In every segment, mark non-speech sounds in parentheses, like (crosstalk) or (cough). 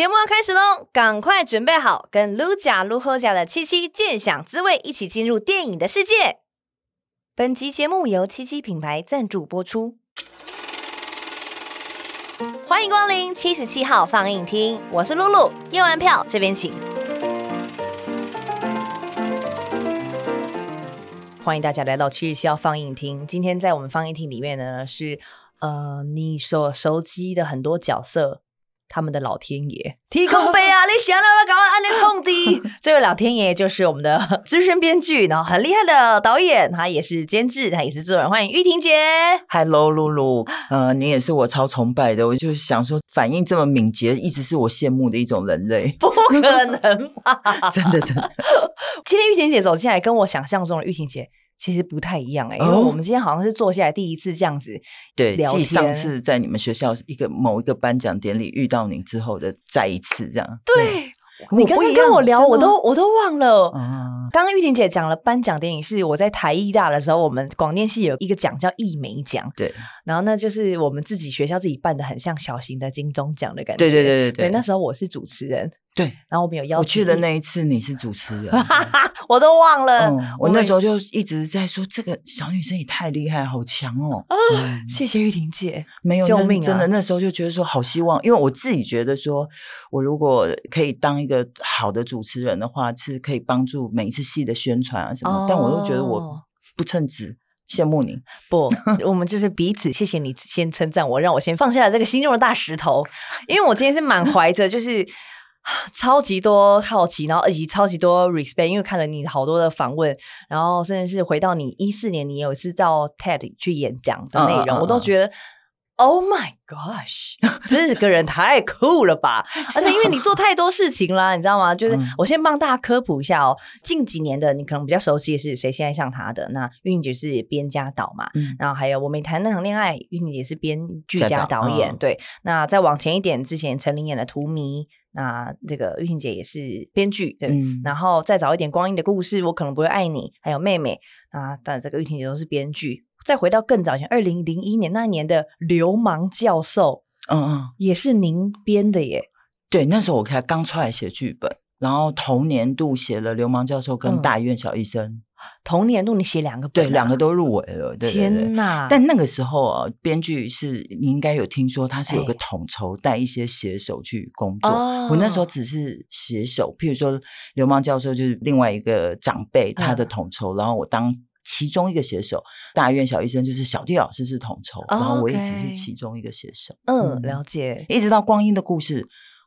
節目要開始嘍，趕快準備好，跟乳加、厚乳加的七七鑑賞滋味，一起進入電影的世界。本集節目由七七品牌贊助播出。歡迎光臨七十七號放映廳，我是露露，驗完票這邊請。歡迎大家來到七十七號放映廳。今天在我們放映廳裡面呢，是呃你所熟悉的很多角色。他們的老天爺，天公伯啊！你想那麼快按你衝的。這位 (laughs) 老天爺就是我們的資深編劇，然後很厲害的導演，他也是監製，他也是制作人。歡迎玉婷姐，Hello，露露，呃，你也是我超崇拜的。我就是想說，反應這麼敏捷，一直是我羨慕的一種人類。不可能吧？ (laughs) 真的，真的。 (laughs) 今天玉婷姐走進來，跟我想象中的玉婷姐其實不太一樣哎、欸，哦、因為我們今天好像是坐下來第一次這樣子，對，繼上次在你們學校一個某一個頒獎典禮遇到你之後的再一次這樣。對，對嗯、你剛剛跟我聊，我，我都我都忘了。嗯、剛，剛譽庭姐講了頒獎典禮，是我在台藝大的時候，我們廣電系有一個獎叫藝美獎，對。然後那就是我們自己學校自己辦的，很像小型的金鐘獎的感覺。對，對對對對對，那時候我是主持人。對，然後我們有邀請我去的那一次，你是主持人， (laughs) 我都忘了。嗯、我那時候就一直在說，這個小女生也太厲害，好強哦！啊、對謝謝譽庭姐，沒有救命、啊、真的那時候就覺得說，好希望，因為我自己覺得說，我如果可以當一個好的主持人的話，是可以幫助每一次戲的宣傳啊什麼。哦、但我又覺得我不稱職，羨慕你。不， (laughs) 我們就是彼此。謝謝你先稱讚我，讓我先放下了這個心中的大石頭，因為我今天是滿懷着就是。 (laughs) 超級多好奇，然後以及超級多 respect，因為看了你好多的訪問，然後甚至是回到你一四年，你有一次到 TED 去演講的內容，uh, uh, 我都覺得 uh, uh, Oh my gosh， (laughs) 這個人太酷、cool、了吧！ (laughs) 而且因為你做太多事情啦，你知道嗎？就是我先幫大家科普一下哦，uh, 近幾年的你可能比較熟悉的是《誰先愛上他的》，那譽庭姐是編加導嘛，um, 然後還有我沒談那場戀愛，譽庭姐也是編劇加導演，導 uh, 對。那再往前一點，之前陳琳演的《荼蘼》。那這個譽庭姐也是編劇，對，嗯、然後再早一點，《光陰的故事》，我可能不會愛你，還有妹妹，啊，但這個譽庭姐都是編劇。再回到更早前，二零零一年那年的《流氓教授》，嗯嗯，也是您編的耶。對，那時候我才剛出來寫劇本。然後同年度寫了《流氓教授》跟《大醫院小醫生》嗯，同年度你寫兩個，啊，對，兩個都入圍了。對對對天哪！但那個時候啊，編劇是，你應該有聽說，他是有個統籌帶一些寫手去工作。哎、我那時候只是寫手。哦、譬如說《流氓教授》就是另外一個長輩，嗯、他的統籌，然後我當其中一個寫手。《大醫院小醫生》就是小弟老師是統籌，哦、然後我一直是其中一個寫手。嗯、哦，了解。嗯、了解。一直到《光陰的故事》，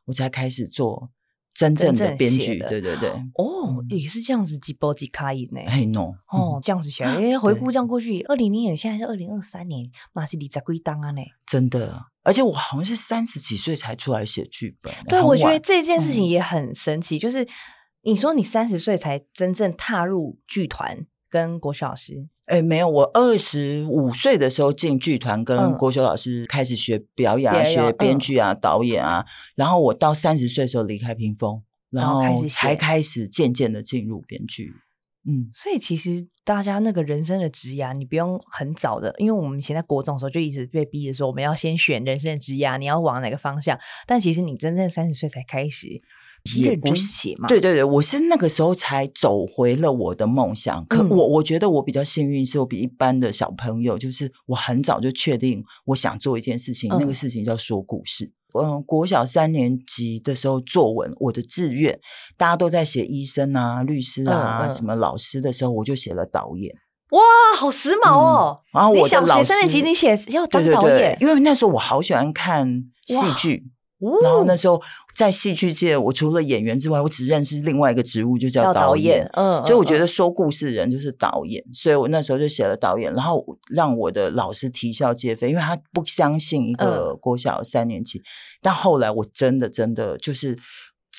我才開始做。真正的編劇，對對對，哦，嗯、也是這樣子一一，一步一腳印耶。哎喏，哦，嗯、這樣子寫，因為回顧這樣過去，啊、二零零年，現在是二零二三年，也是二十幾年了耶，真的，而且我好像是三十幾歲才出來寫劇本。對，我，我覺得這件事情也很神奇，嗯、就是你說你三十歲才真正踏入劇團。跟國修老師，哎、欸，沒有，我二十五歲的時候進劇團，跟國修老師開始學表演，學編劇啊、導演啊，然後我到三十歲的時候離開屏風，然後才開始漸漸的進入編劇。嗯，所以其實大家那個人生的職涯，你不用很早的，因為我們以前在國中的時候就一直被逼着說，我們要先選人生的職涯，你要往哪個方向？但其實你真正三十歲才開始。也不是寫嘛，對對對，我是那個時候才走回了我的夢想。嗯、可我我覺得我比較幸運，是我比一般的小朋友，就是我很早就確定我想做一件事情，嗯、那個事情叫說故事。嗯，國小三年級的時候作文，我的志願，大家都在寫醫生啊、律師啊、嗯、什麼老師的時候，我就寫了導演。哇，好時髦哦！嗯、然後我你想小學三年級，你寫要當導演。對對對，因為那時候我好喜歡看戲劇。然後那時候在戲劇界，我除了演員之外，我只認識另外一個職務，就叫導演。嗯，所以我覺得說故事的人就是導演。所以，我那時候就寫了導演，然後讓我的老師啼笑皆非，因為他不相信一個國小三年級。但後來我真的真的就是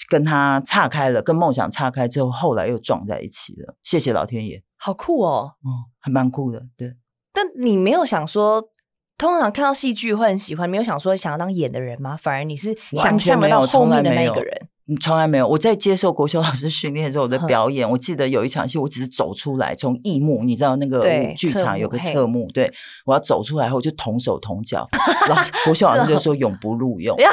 跟他岔開了，跟夢想岔開之後，後來又撞在一起了。謝謝老天爺，好酷哦，嗯，還蠻酷的，對。但你沒有想說。通常看到戲劇會很喜歡，沒有想說想要當演的人嗎？反而你是想象不，不到後面的那個人，從來，來沒有。我在接受國修老師訓練的時候，我的表演，嗯、我記得有一場戲，我只是走出來，從異幕，你知道那個劇場有個側幕，對，對我要走出來後，就同手同腳。 (laughs) 然後國修老師就說永不錄用， (laughs)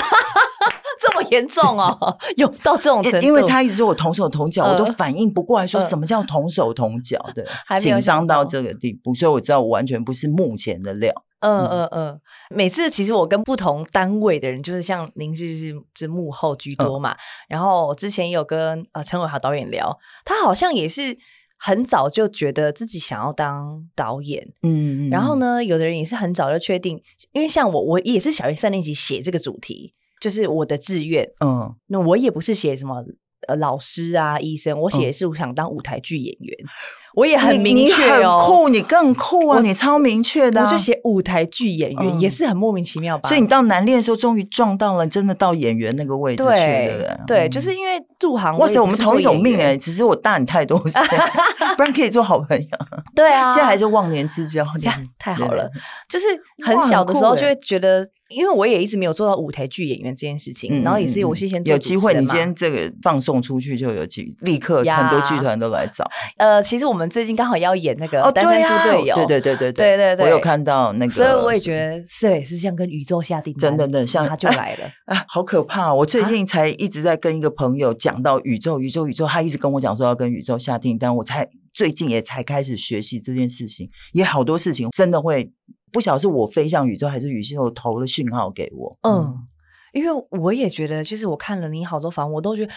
這麼嚴重哦、喔， (laughs) 有到這種程度。因為他一直說我同手同腳，呃、我都反應不過來，說什麼叫同手同腳的，緊張到，到這個地步，所以我知道我完全不是幕前的料。嗯嗯嗯，每次其實我跟不同單位的人，就是像您、就是是幕後居多嘛，嗯、然後之前也有跟啊程偉豪導演聊，他好像也是很早就覺得自己想要當導演，嗯,嗯,嗯，然後呢，有的人也是很早就確定，因為像我，我也是小學三年級寫這個主題，就是我的志願，嗯，那我也不是寫什麼。呃，老師啊，醫生，我寫的是我想當舞台劇演員，嗯、我也很明確哦。你很酷，你更酷啊！我你超明確的、啊，我就寫舞台劇演員，嗯、也是很莫名其妙吧。嗯、所以你到南練的時候，終於撞到了真的到演員那個位置去了。對，嗯、對，就是因為入行我，哇塞，我們同一種命哎、欸，只是我大你太多歲， (laughs) (laughs) 不然可以做好朋友。對啊，現在還是忘年之交，太好了。就是很小的時候就會覺得，因為我也一直沒有做到舞台劇演員這件事情，然後也是遊戲先做有機會。你今天這個放送出去就有機，立刻很多劇團都來找。呃，其實我們最近剛好要演那個《單人劇隊》，對對對對對對對，我有看到那個，所以我也覺得，是是像跟宇宙下訂單，真的真的，像他就來了啊，好可怕！我最近才一直在跟一個朋友講到宇宙，宇宙，宇宙，他一直跟我講說要跟宇宙下訂單，我才。最近也才開始學習這件事情，也好多事情真的會不曉得是我飛向宇宙，還是宇宙投了訊號給我。嗯，嗯，因為我也覺得，其實我看了你好多房，我都覺得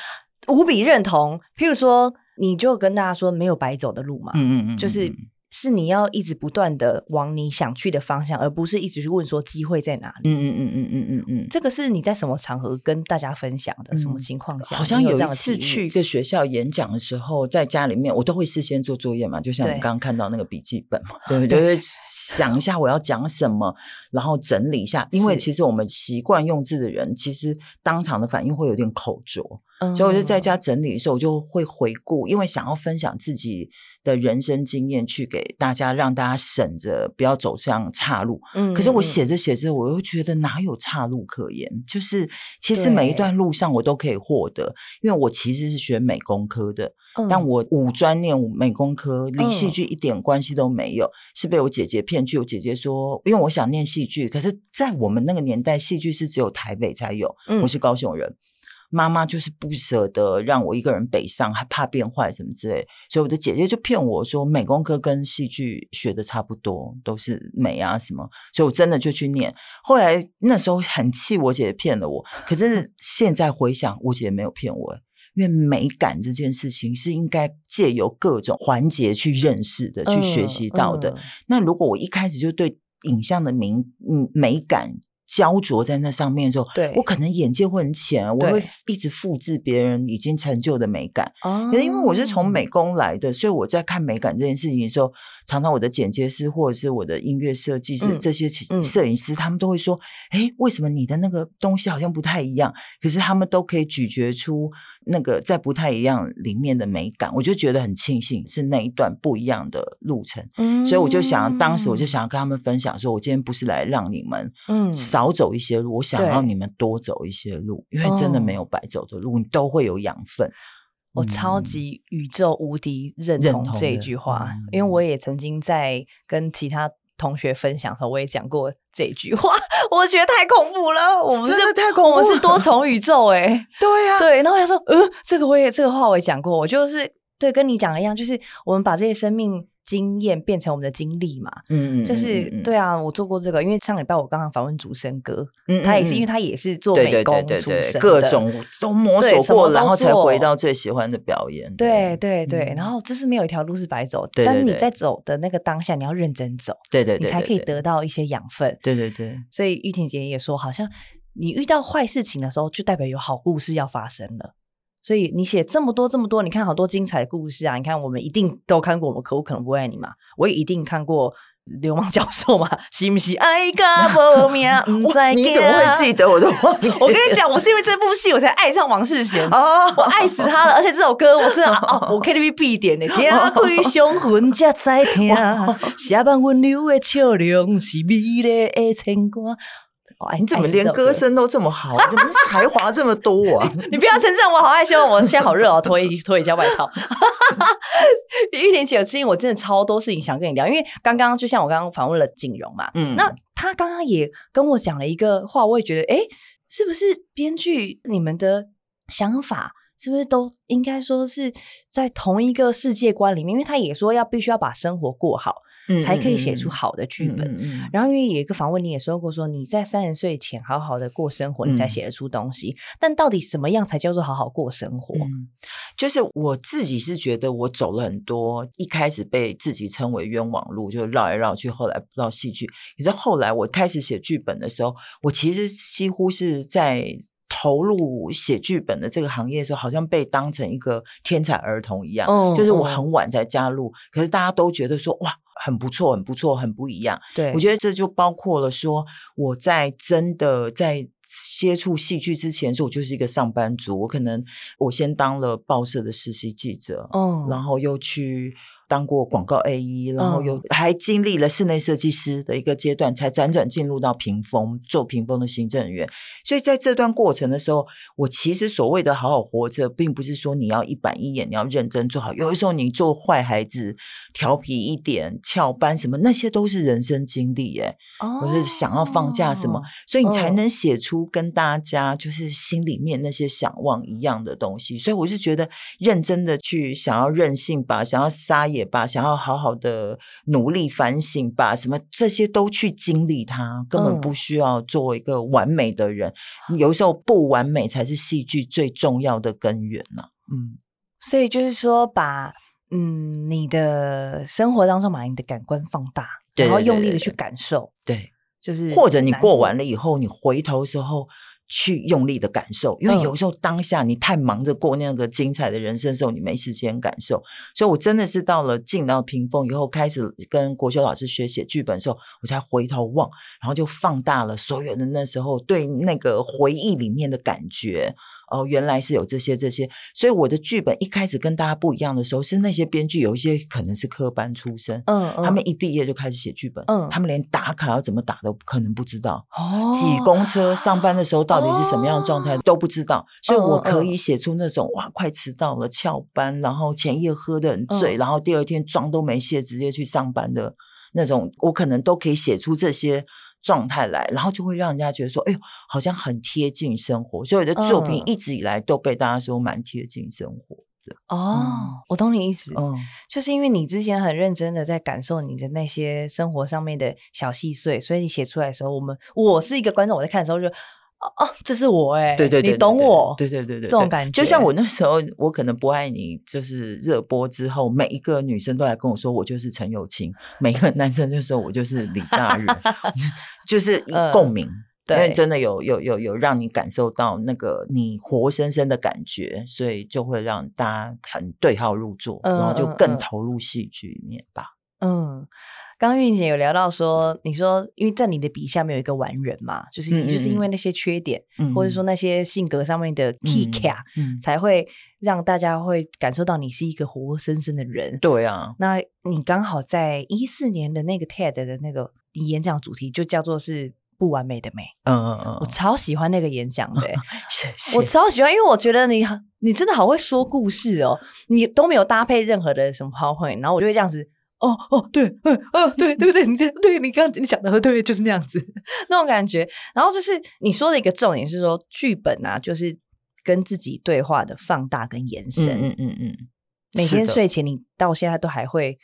無比認同。譬如說，你就跟大家說沒有白走的路嘛，嗯嗯，嗯嗯嗯，就是。是你要一直不斷的往你想去的方向，而不是一直去問說機會在哪裡。嗯嗯嗯嗯嗯嗯嗯，嗯嗯嗯嗯這個是你在什麼場合跟大家分享的？嗯、什麼情況下？好像有一次有去一個學校演講的時候，在家裡面我都會事先做作業嘛，就像我們剛剛看到那個筆記本嘛，對，對不對？對，想一下我要講什麼，然後整理一下，因為其實我們習慣用字的人，是其實當場的反應會有點口拙。所以我就在家整理的時候，我就會回顧，嗯、因為想要分享自己的人生經驗，去給大家，讓大家省着不要走這樣岔路。嗯，可是我寫着寫着，我又覺得哪有岔路可言？就是其實每一段路上我都可以獲得，對因為我其實是學美工科的，嗯、但我五專念美工科，離戲劇一點關係都沒有，嗯、是被我姐姐騙去。我姐姐說，因為我想念戲劇，可是在我們那個年代，戲劇是只有台北才有。嗯、我是高雄人。媽媽就是不捨得讓我一個人北上，害怕變壞什麼之類，所以我的姐姐就騙我說美工科跟戲劇學的差不多，都是美啊什麼，所以我真的就去念。後來那時候很氣我姐姐騙了我，可是現在回想，我姐姐沒有騙我，因為美感這件事情是應該借由各種環節去認識的，嗯、去學習到的。嗯、那如果我一開始就對影像的美、嗯、美感。焦灼在那上面的時候，對我可能眼界會很淺，我會一直複製別人已經成就的美感。可是對因為我是從美工來的，所以我在看美感這件事情的時候，常常我的剪接師或者是我的音樂設計師、嗯、這些攝影師，他們都會說：“哎、嗯，為什麼你的那個東西好像不太一樣？”可是他們都可以咀嚼出。那個在不太一樣裡面的美感，我就覺得很慶幸是那一段不一樣的路程，嗯、所以我就想，當時我就想要跟他們分享說，我今天不是來讓你們少走一些路，嗯、我想讓你們多走一些路，對因為真的沒有白走的路，你、哦、都會有養分。我超級宇宙無敵、嗯、認同這一句話，因為我也曾經在跟其他。同學分享的時候，我也講過這句話，我覺得太恐怖了，我們真的太恐怖了，我們是多重宇宙哎、欸，對呀、啊，對，然後我想說，呃、嗯，這個我也這個話我也講過，我就是對跟你講一樣，就是我們把這些生命。經驗變成我們的經歷嘛，嗯嗯，嗯嗯，就是對啊，我做過這個，因為上禮拜我剛剛訪問主生哥，嗯，嗯，嗯，他也是因為他也是做美工出身，對對對對對，各種都摸索過，然後才回到最喜歡的表演，對對，對對，嗯、然後就是沒有一條路是白走，對對對對，但你在走的那個當下，你要認真走，對對，對對，你才可以得到一些養分，對，對對對，所以譽庭姐，姐也說，好像你遇到壞事情的時候，就代表有好故事要發生了。所以你寫這麼多這麼多，你看好多精彩的故事啊！你看我們一定都看過，我們可不可能不愛你嘛？我也一定看過《流氓教授》嘛？是不是愛無名不，啊？愛個不滅，不你怎麼會記得我的話？ (laughs) 我跟你講，我是因為這部戲我才愛上王識賢，oh, 我愛死他了，而且這首歌我是啊，啊，我 KTV 必點的。打開魂」，痕，再聽，下班溫柔的笑容是美麗的情歌。你怎麼連歌聲都這麼好啊？你怎麼才華這麼多啊？ (laughs) 你不要稱讚我，好害羞。我現在好熱哦，脫一脫一件外套。 (laughs) 比譽庭姐、姐，最近我真的超多事情想跟你聊，因為剛剛就像我剛剛訪問了景榮嘛，嗯，那他剛剛也跟我講了一個話，我也覺得，哎，是不是編劇你們的想法是不是都應該說是在同一個世界觀裡面？因為他也說要必須要把生活過好。才可以寫出好的劇本。嗯嗯嗯、然後因為有一個訪問，你也說過說你在三十歲前好好的過生活，你才寫得出東西。嗯、但到底什麼樣才叫做好好過生活？就是我自己是覺得我走了很多，一開始被自己稱為冤枉路，就繞來繞去。後來不知道戲劇，可是後來我開始寫劇本的時候，我其實幾乎是在投入寫劇本的這個行業的時候，好像被當成一個天才兒童一樣。嗯、就是我很晚才加入，嗯、可是大家都覺得說哇。很不錯，很不錯，很不一樣。對，我覺得這就包括了說，我在真的在接觸戲劇之前，說我就是一個上班族。我可能我先當了報社的實習記者，嗯、然後又去。當過廣告 AE，然後有還經歷了室內設計師的一個階段，才輾轉進入到屏風做屏風的行政員。所以在這段過程的時候，我其實所謂的好好活着，並不是說你要一板一眼，你要認真做好。有的時候你做壞孩子，調皮一點，翹班什麼，那些都是人生經歷。我、oh, 是想要放假什麼，oh, oh. 所以你才能寫出跟大家就是心裡面那些想望一樣的東西。所以我是覺得認真的去想要任性吧，想要撒也吧，想要好好的努力反省吧什麼，這些都去經歷它，根本不需要做一個完美的人。嗯，有時候不完美才是戲劇最重要的根源呢，啊。嗯，所以就是說把，把嗯你的生活當中把你的感官放大，對對對對，然後用力的去感受，對，對，對，對，對就是或者你過完了以後，你回頭的時候。去用力的感受，因為有時候當下你太忙着過那個精彩的人生的時候，你沒時間感受。所以，我真的是到了進到屏風以後，開始跟國修老師學寫劇本的時候，我才回頭望，然後就放大了所有的那時候對那個回憶裡面的感覺。哦，原來是有這些這些，所以我的劇本一開始跟大家不一樣的時候，是那些編劇有一些可能是科班出身，嗯，嗯，他們一畢業就開始寫劇本，嗯，他們連打卡要怎麼打都可能不知道，哦，擠公車上班的時候到底是什麼樣的狀態都不知道，哦、都不知道，所以我可以寫出那種哇，快遲到了，翹班，然後前夜喝得很醉，嗯，然後第二天妝都沒卸，直接去上班的那種，我可能都可以寫出這些狀態來，然後就會讓人家覺得說：“哎呦，好像很貼近生活。”所以我的作品一直以來都被大家說蠻貼近生活的。嗯嗯、哦，我懂你意思，嗯、就是因為你之前很認真的在感受你的那些生活上面的小細碎，所以你寫出來的時候，我們我是一個觀眾，我在看的時候就。哦哦，這是我哎、欸，對對，你懂我，對對對對，這種感覺，就像我那時候，我可能不愛你，就是熱播之後，每一個女生都來跟我說，我就是程又青。 (laughs) 每一個男生就說，我就是李大仁 (laughs) 就是共鳴，嗯、因為真的有有有有讓你感受到那個你活生生的感覺，所以就會讓大家很對號入座，嗯、然後就更投入戲劇裡面吧，嗯。嗯剛剛譽姐有聊到說，你說因為在你的筆下沒有一個完人嘛，就是就是因為那些缺點，或者說那些性格上面的 key 卡，key 才會讓大家會感受到你是一個活生生的人。對啊，那你剛好在一四年的那個 TED 的那個演講主題就叫做是不完美的美。嗯嗯嗯，uh. 我超喜歡那個演講的、欸， (laughs) 謝謝我超喜歡，因為我覺得你你真的好會說故事哦、喔，你都沒有搭配任何的什麼 PowerPoint，然後我就會這樣子。哦哦對，嗯、哦、嗯對對不對，對，對？你這對你剛剛你講的對，就是那樣子，那種感覺。然後就是你說的一個重點是說，劇本啊，就是跟自己對話的放大跟延伸。嗯嗯嗯，嗯每天睡前，你到現在都還會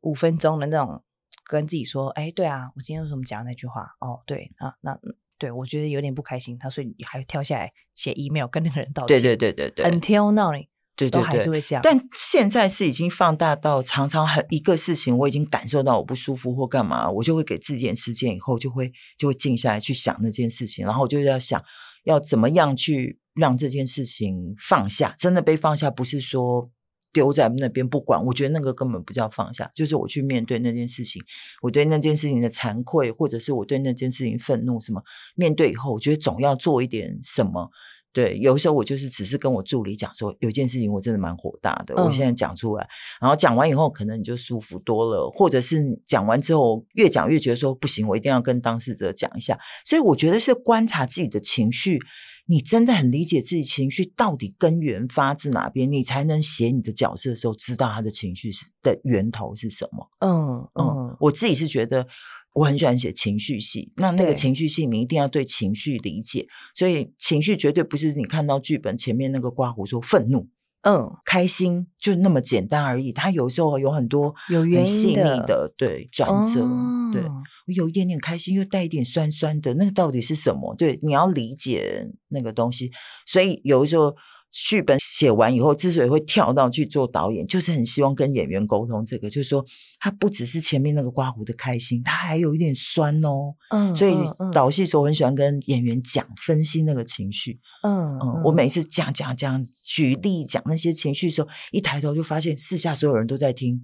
五分鐘的那種跟自己說：哎，對啊，我今天為什麼講那句話？哦，對啊，那對我覺得有點不開心，他所以你還要跳下來寫 email 跟那個人道歉。對對對對對。Until now。對，對，對，都對，哦、還是會這樣。但現在是已經放大到常常很一個事情，我已經感受到我不舒服或幹嘛，我就會給自己點時間以後就會就會靜下來去想那件事情，然後我就要想要怎麼樣去讓這件事情放下，真的被放下，不是說丟在那邊不管。我覺得那個根本不叫放下，就是我去面對那件事情，我對那件事情的慚愧，或者是我對那件事情憤怒什麼，面對以後，我覺得總要做一點什麼。對，有時候我就是只是跟我助理講說，有一件事情我真的蠻火大的，嗯、我現在講出來，然後講完以後，可能你就舒服多了，或者是講完之後越講越覺得說不行，我一定要跟當事者講一下。所以我覺得是觀察自己的情緒，你真的很理解自己情緒到底根源發自哪邊，你才能寫你的角色的時候知道他的情緒是的源頭是什麼。嗯嗯，嗯，我自己是覺得。我很喜歡寫情緒戲，那那個情緒戲你一定要對情緒理解，對所以情緒絕對不是你看到劇本前面那個括弧說憤怒，嗯，開心就那麼簡單而已。它有時候有很多很細膩的，的對轉折，哦、對，我有一點點開心又帶一點酸酸的，那個到底是什麼？對，你要理解那個東西，所以有的時候。劇本寫完以後，之所以會跳到去做導演，就是很希望跟演員溝通，這個就是說，他不只是前面那個刮胡的開心，他還有一點酸哦。嗯，所以導戲時候我很喜歡跟演員講，分析那個情緒。嗯，嗯，我每次講講講舉例講那些情緒的時候，一抬頭就發現四下所有人都在聽，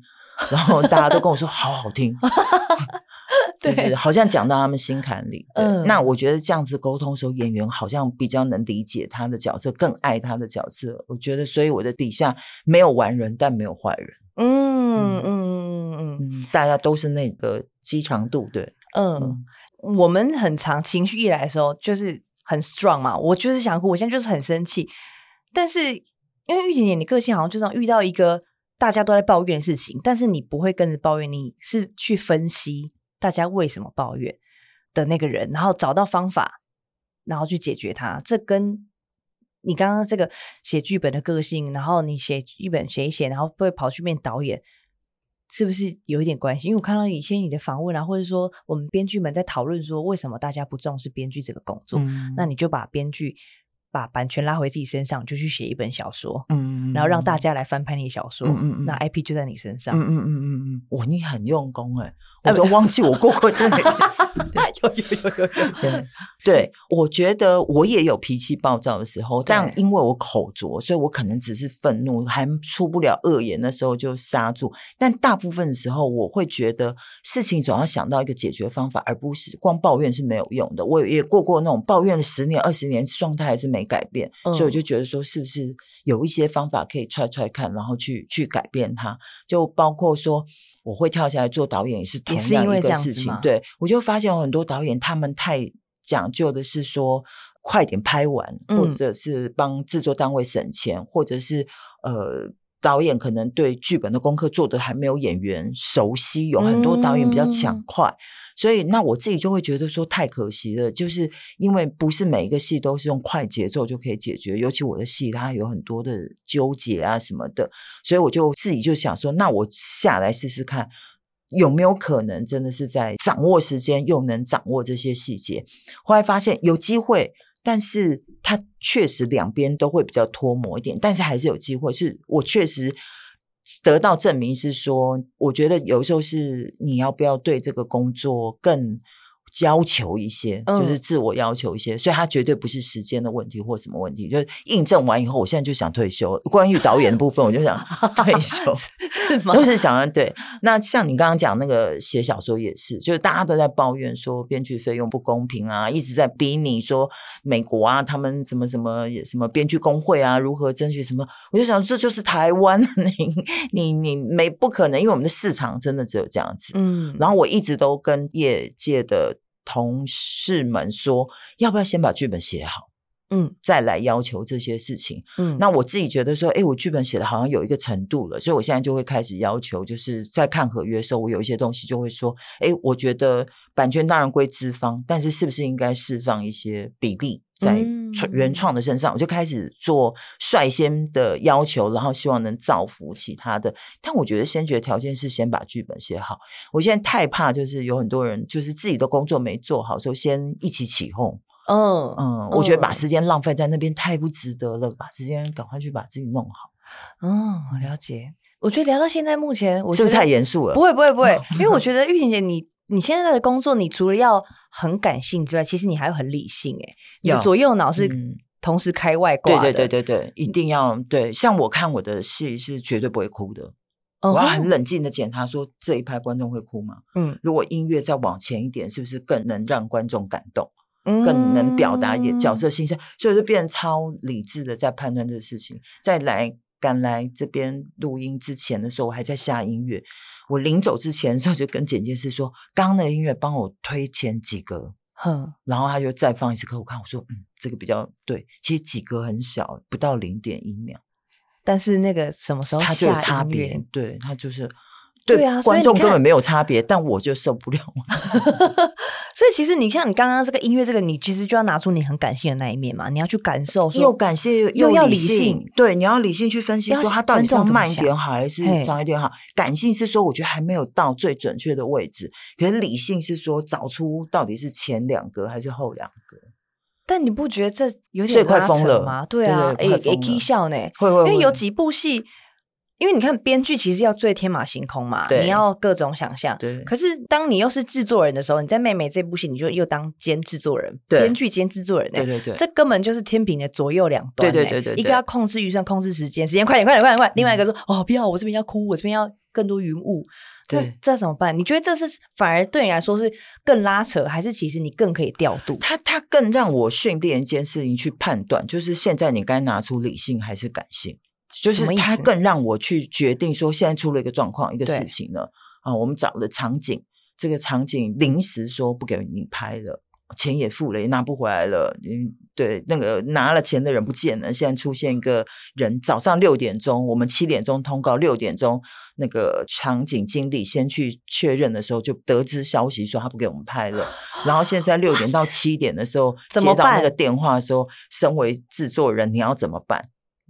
然後大家都跟我說好好聽。 (laughs) (laughs) 對就是好像講到他們心坎裡，嗯、那我覺得這樣子溝通的時候，演員好像比較能理解他的角色，更愛他的角色。我覺得，所以我的底下沒有完人，但沒有壞人。嗯嗯嗯嗯嗯，大家都是那個機長度對。嗯，嗯，我們很常情緒一來的時候就是很 strong 嘛，我就是想哭，我現在就是很生氣。但是因為譽庭姐，你個性好像就像遇到一個大家都在抱怨的事情，但是你不會跟着抱怨，你是去分析。大家為什麼抱怨的那個人，然後找到方法，然後去解決它。這跟你剛剛這個寫劇本的個性，然後你寫劇本寫一寫，然後會跑去面導演，是不是有一點關係？因為我看到以前你的訪問，然後或者說我們編劇們在討論說，為什麼大家不重視編劇這個工作？嗯、那你就把編劇把版權拉回自己身上，就去寫一本小說，嗯、然後讓大家來翻拍你小說，嗯嗯嗯、那 IP 就在你身上，嗯嗯嗯嗯嗯、哦。你很用功哎、欸。我都忘記我過過這樣的日子，有有有，有 (laughs) 對，對，我覺得我也有脾氣暴躁的時候，對但因為我口拙，所以我可能只是憤怒，還出不了惡言，那時候就剎住。但大部分的時候，我會覺得事情總要想到一個解決方法，而不是光抱怨是沒有用的。我也過過那種抱怨了十年、二十年，狀態還是沒改變，嗯，所以我就覺得說，是不是有一些方法可以踹踹看，然後去去改變它？就包括說。我會跳下來做導演也是同樣一個事情，對，我就發現有很多導演他們太講究的是說快點拍完，嗯、或者是幫制作單位省錢，或者是呃。導演可能對劇本的功課做得還沒有演員熟悉，有很多導演比較搶快，嗯、所以那我自己就會覺得說太可惜了，就是因為不是每一個戲都是用快節奏就可以解決，尤其我的戲它有很多的糾結啊什麼的，所以我就自己就想說，那我下來試試看有沒有可能真的是在掌握時間又能掌握這些細節，後來發現有機會。但是他確實兩邊都會比較脫模一點，但是還是有機會。是我確實得到證明，是說我覺得有時候是你要不要對這個工作更。要求一些，就是自我要求一些，嗯、所以它絕對不是時間的問題或什麼問題。就是印證完以後，我現在就想退休。關於導演的部分，我就想 (laughs) 退休 (laughs) 是，是嗎？都是想要對。那像你剛剛講那個寫小說也是，就是大家都在抱怨說編劇費用不公平啊，一直在逼你說美國啊，他們什麼什麼也什麼編劇工會啊，如何爭取什麼。我就想，這就是台灣，你你你沒不可能，因為我們的市場真的只有這樣子。嗯，然後我一直都跟業界的。同事們說，要不要先把劇本寫好，嗯，再來要求這些事情，嗯，那我自己覺得說，欸，我劇本寫得好像有一個程度了，所以我現在就會開始要求，就是在看合約的時候，我有一些東西就會說，欸，我覺得版權當然歸資方，但是是不是應該釋放一些比例？在原創的身上，嗯、我就開始做率先的要求，然後希望能造福其他的。但我覺得先決條件是先把劇本寫好。我現在太怕，就是有很多人就是自己的工作沒做好，首先一起起鬨。嗯嗯，我覺得把時間浪費在那邊太不值得了，把時間趕快去把自己弄好。嗯，了解。我覺得聊到現在目前，我覺得是不是太嚴肅了？不會不會不會，哦、因為我覺得譽庭姐你。你現在的工作，你除了要很感性之外，其實你還要很理性哎、欸，你左右腦是同時開外掛的，嗯、對對對對，對一定要對。像我看我的戲是絕對不會哭的，嗯、我要很冷靜的檢查說這一拍觀眾會哭嗎？嗯，如果音樂再往前一點，是不是更能讓觀眾感動，更能表達演角色心聲？嗯、所以就變超理智的在判斷這個事情。再來趕來這邊錄音之前的時候，我還在下音樂。我臨走之前時候，就跟剪輯師說，剛剛的音樂幫我推前幾格。哼、嗯，然後他就再放一次歌，我看我說，嗯，這個比較對。其實幾格很小，不到零點一秒，但是那個什麼時候它就有差別。對，它就是。對啊，觀眾根本沒有差別，但我就受不了。所以其實你像你剛剛這個音樂，這個你其實就要拿出你很感性的那一面嘛，你要去感受，又感性又要理性。對，你要理性去分析說他到底是慢一點好還是長一點好。感性是說我覺得還沒有到最準確的位置，可是理性是說找出到底是前兩個還是後兩個。但你不覺得這有點拉扯嗎？對啊，哎哎，笑呢，因為有幾部戲。因為你看，編劇其實要最天馬行空嘛，對你要各種想象對可是，當你又是製作人的時候，你在《妹妹》這部戲，你就又當兼製作人，編劇對兼製作人。對對對。這根本就是天平的左右兩端，欸。對對對對。一個要控制預算，控制時間，時間快點，快點，快點，快點！另外一個說：“嗯、哦，不要，我這邊要哭，我這邊要更多雲霧。”對。那這怎麼辦？你覺得這是反而對你來說是更拉扯，還是其實你更可以調度？它它更讓我訓練一件事情去判斷，就是現在你該拿出理性還是感性。就是他更讓我去決定說，現在出了一個狀況，一個事情了對啊！我們找了場景，這個場景臨時說不給你拍了，錢也付了，也拿不回來了。嗯，對，那個拿了錢的人不見了，現在出現一個人。早上六點鐘，我們七點鐘通告，六點鐘那個場景經理先去確認的時候，就得知消息說他不給我們拍了。 (laughs) 然後現在六點到七點的時候接到那個電話的時候，身為制作人，你要怎麼辦？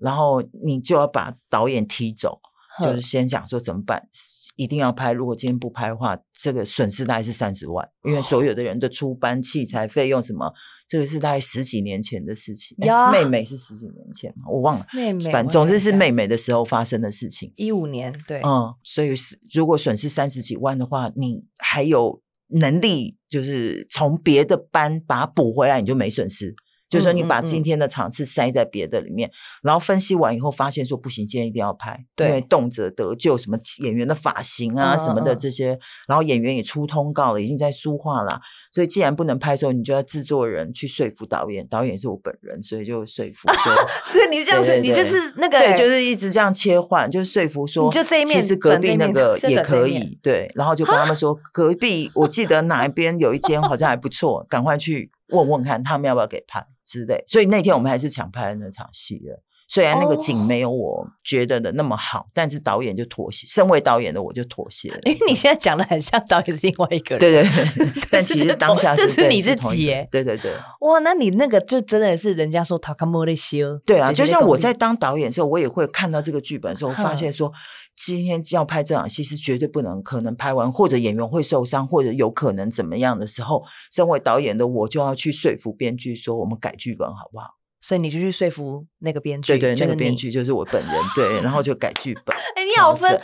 然後你就要把導演踢走，就是先想說怎麼辦？一定要拍。如果今天不拍的話，這個損失大概是三十萬，因為所有的人的出班器材費用什麼，Oh. 這個是大概十幾年前的事情。Yeah. 哎、妹妹是十幾年前我忘了。妹妹，反正總之是妹妹的時候發生的事情。一五年，對。嗯，所以如果損失三十幾萬的話，你還有能力就是從別的班把它補回來，你就沒損失。就是說，你把今天的場次塞在別的裡面，嗯嗯嗯，然後分析完以後發現說不行，今天一定要拍。對，因為動輒得咎，什麼演員的髮型啊嗯嗯什麼的這些，然後演員也出通告了，已經在梳化了。所以既然不能拍的時候，你就要製作人去說服導演，導演是我本人，所以就說服說。 (laughs) 所以你這樣子，對對對，你就是那個、欸，對，就是一直這樣切換，就是說服說，就這一面，其實隔壁那個也可以。對，然後就跟他們說， (laughs) 隔壁我記得哪一邊有一間好像還不錯， (laughs) 趕快去。問問看他們要不要給拍之類，所以那天我們還是搶拍那場戲了。雖然那個景沒有我覺得的那麼好，Oh. 但是導演就妥協。身為導演的我就妥協了，因為你現在講的很像導演是另外一個人，對對對， (laughs) 但，但其實當下是，這是你是自己是，對對對。哇，那你那個就真的是人家說塔看莫利西爾。對啊，就像我在當導演的時候，我也會看到這個劇本的時候，發現說，今天要拍這場戲是絕對不能，可能拍完或者演員會受傷，或者有可能怎麼樣的時候，身為導演的我就要去說服編劇說，我們改劇本好不好？所以你就去說服那個編劇，對對，那個編劇就是我本人， (laughs) 對，然後就改劇本。哎、 (laughs) 欸，你好分，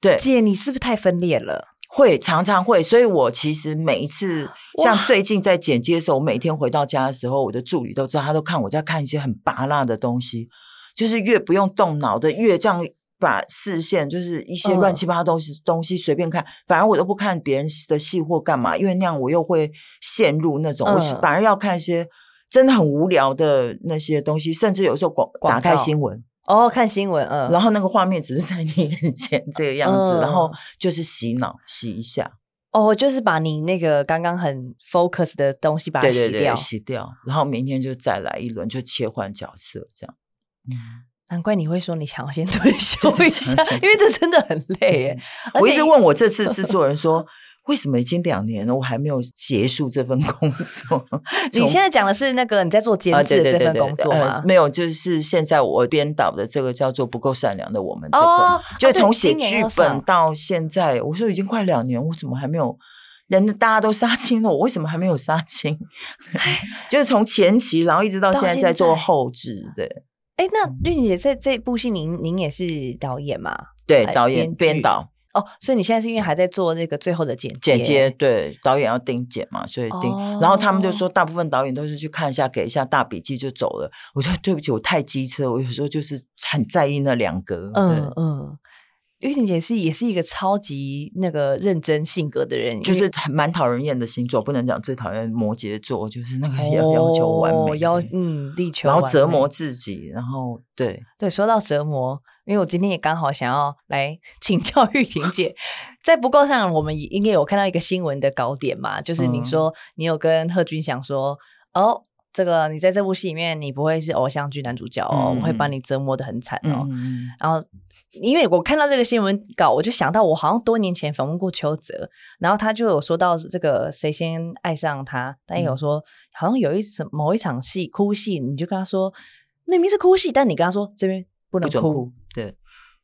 對，姐，你是不是太分裂了？會，常常會，所以我其實每一次哇像最近在剪接的時候，我每天回到家的時候，我的助理都知道，他都看我在看一些很拔辣的東西，就是越不用動腦的，越這樣把視線就是一些亂七八糟東西、呃、東西隨便看，反而我都不看別人的戲或幹嘛，因為那樣我又會陷入那種，呃、我反而要看一些。真的很無聊的那些東西，甚至有時候廣告打開新聞哦，看新聞，嗯，然後那個畫面只是在你眼前這個樣子，嗯、然後就是洗腦洗一下哦，就是把你那個剛剛很 focus 的東西把它洗掉，對對對，洗掉，然後明天就再來一輪，就切換角色這樣。嗯、難怪你會說你想要先退休一下，因為 (laughs) 這真的很累耶。且我一直問我這次制作人說。 (laughs) 為什麼已經兩年了，我還沒有結束這份工作？你現在講的是那個你在做監製這份工作嗎？啊對對對對對呃。沒有，就是現在我編導的這個叫做《不夠善良的我們》這個，哦、就從寫劇本到現在，啊、我說已經快兩年，我怎麼還沒有？人家大家都殺青了，我為什麼還沒有殺青？哎、 (laughs) 就是從前期，然後一直到現在在做後製。對，哎、欸，那譽，嗯、姐在這部戲，您您也是導演嗎？對，導演編編導。哦，所以你現在是因為還在做那個最後的剪接、剪接？對，導演要定剪嘛，所以定，哦、然後他們就說，大部分導演都是去看一下，給一下大筆記就走了。我說對不起，我太機車，我有時候就是很在意那兩格。嗯嗯。嗯譽庭姐是也是一個超級那個認真性格的人，就是蠻討人厭的星座，不能講最討厭摩羯座，就是那個要求完美，哦、對要嗯力求，然後折磨自己，然後對對，說到折磨，因為我今天也剛好想要來請教譽庭姐， (laughs) 在不夠上我們也應該有看到一個新聞的稿點嘛，就是你說、嗯、你有跟賀軍翔說哦。這個，你在這部戲裡面，你不會是偶像劇男主角哦，嗯、我會把你折磨得很慘哦。嗯、然後，因為我看到這個新聞稿，我就想到我好像多年前訪問過邱澤，然後他就有說到這個誰先愛上他，但也有說、嗯、好像有一場某一場戲哭戲，你就跟他說明明是哭戲，但你跟他說這邊不能哭，哭，對，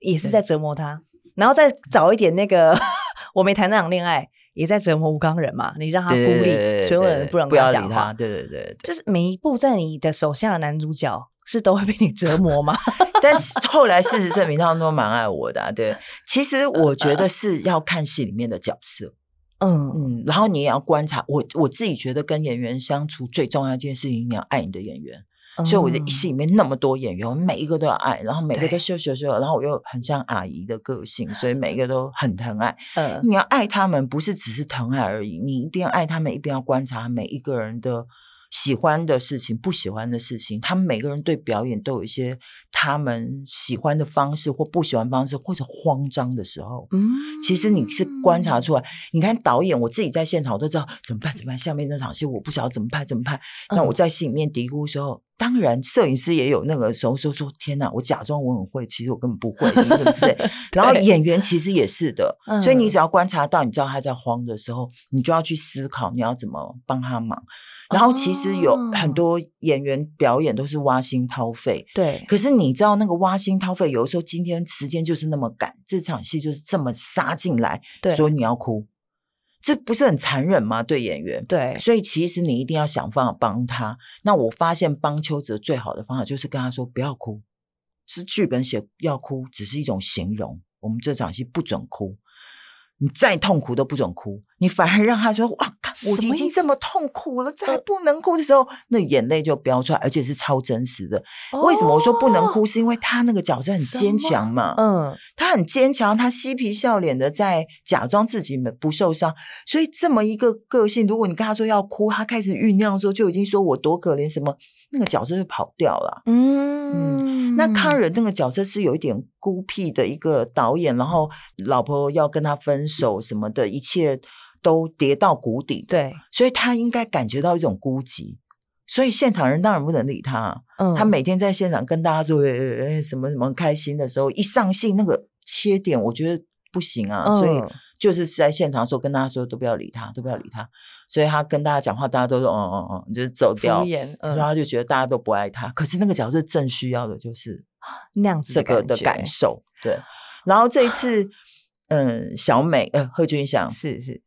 也是在折磨他。然後再找一點那個、嗯、 (laughs) 我沒談那場戀愛。也在折磨吳慷仁嘛？你讓他孤立，所有人不讓他，對對對對，不要理他。對對對、對，就是每一部在你的手下的男主角是都會被你折磨嗎？但後來事實證明他們都蠻愛我的、啊。對，其實我覺得是要看戲裡面的角色，嗯嗯，然後你也要觀察我。我自己覺得跟演員相處最重要的一件事情，你要愛你的演員。所以我的戲裡面那麼多演員，嗯、我每一個都要愛，然後每個都秀秀秀，對然後我又很像阿姨的個性，所以每個都很疼愛。嗯、呃，你要愛他們，不是只是疼愛而已，你一邊愛他們，一邊要觀察每一個人的。喜歡的事情，不喜歡的事情，他們每個人對表演都有一些他們喜歡的方式，或不喜歡方式，或者慌張的時候。嗯，其實你是觀察出來，你看導演，我自己在現場我都知道怎麼辦，怎麼辦？下面那場戲我不曉得怎麼拍，怎麼拍？那我在心裡面嘀咕的時候，當然攝影師也有那個時候說說天哪，我假裝我很會，其實我根本不會，是不是？然後演員其實也是的，嗯，所以你只要觀察到，你知道他在慌的時候，你就要去思考你要怎麼幫他忙。然後其實有很多演員表演都是挖心掏肺，對。可是你知道那個挖心掏肺，有的時候今天時間就是那麼趕，這場戲就是這麼殺進來，所以對你要哭，這不是很殘忍嗎？對演員，對。所以其實你一定要想辦法幫他。那我發現幫邱澤最好的方法就是跟他說不要哭，是劇本寫要哭，只是一種形容。我們這場戲不准哭，你再痛苦都不准哭，你反而讓他說哇。我已經這麼痛苦了，再不能哭的時候，哦、那眼淚就飆出來，而且是超真實的。哦、為什麼我說不能哭？是因為他那個角色很堅強嘛。嗯，他很堅強，他嬉皮笑臉的在假裝自己不受傷，所以這麼一個個性，如果你跟他說要哭，他開始醞釀的時候就已經說我多可憐，什麼那個角色就跑掉了。嗯嗯，那康爾那個角色是有一點孤僻的一個導演，然後老婆要跟他分手什麼的一切。都跌到谷底，對，所以他應該感覺到一種孤寂，所以現場人當然不能理他。嗯，他每天在現場跟大家說，哎哎哎，什麼什麼開心的時候，一上戲那個切點，我覺得不行啊，嗯、所以就是在現場的時候跟大家說，都不要理他，都不要理他。所以他跟大家講話，大家都說，嗯嗯嗯，就是走掉，然後、嗯、他就覺得大家都不愛他。可是那個角色正需要的就是那樣子，這個的感受。對，然後這一次，嗯，小美，呃，賀軍翔是是。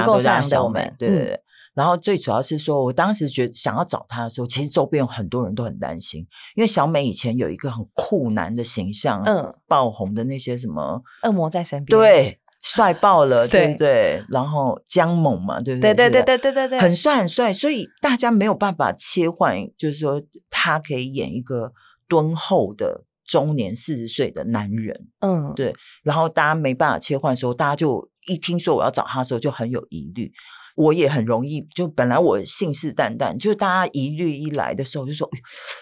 不夠像小美，對、嗯、對。然後最主要是說，我當時覺得想要找他的時候，其實周邊有很多人都很擔心，因為小美以前有一個很酷男的形象，嗯，爆紅的那些什麼惡魔在身邊，對，帥爆了，對不對，對？然後姜猛嘛，對不對，對？對，對對對對對對，很帥很帥，所以大家沒有辦法切換，就是說他可以演一個敦厚的，中年四十歲的男人，嗯，對，然後大家沒辦法切換的時候，大家就一聽說我要找他的時候，就很有疑慮，我也很容易就本來我信誓旦旦，就大家疑慮一來的時候，就說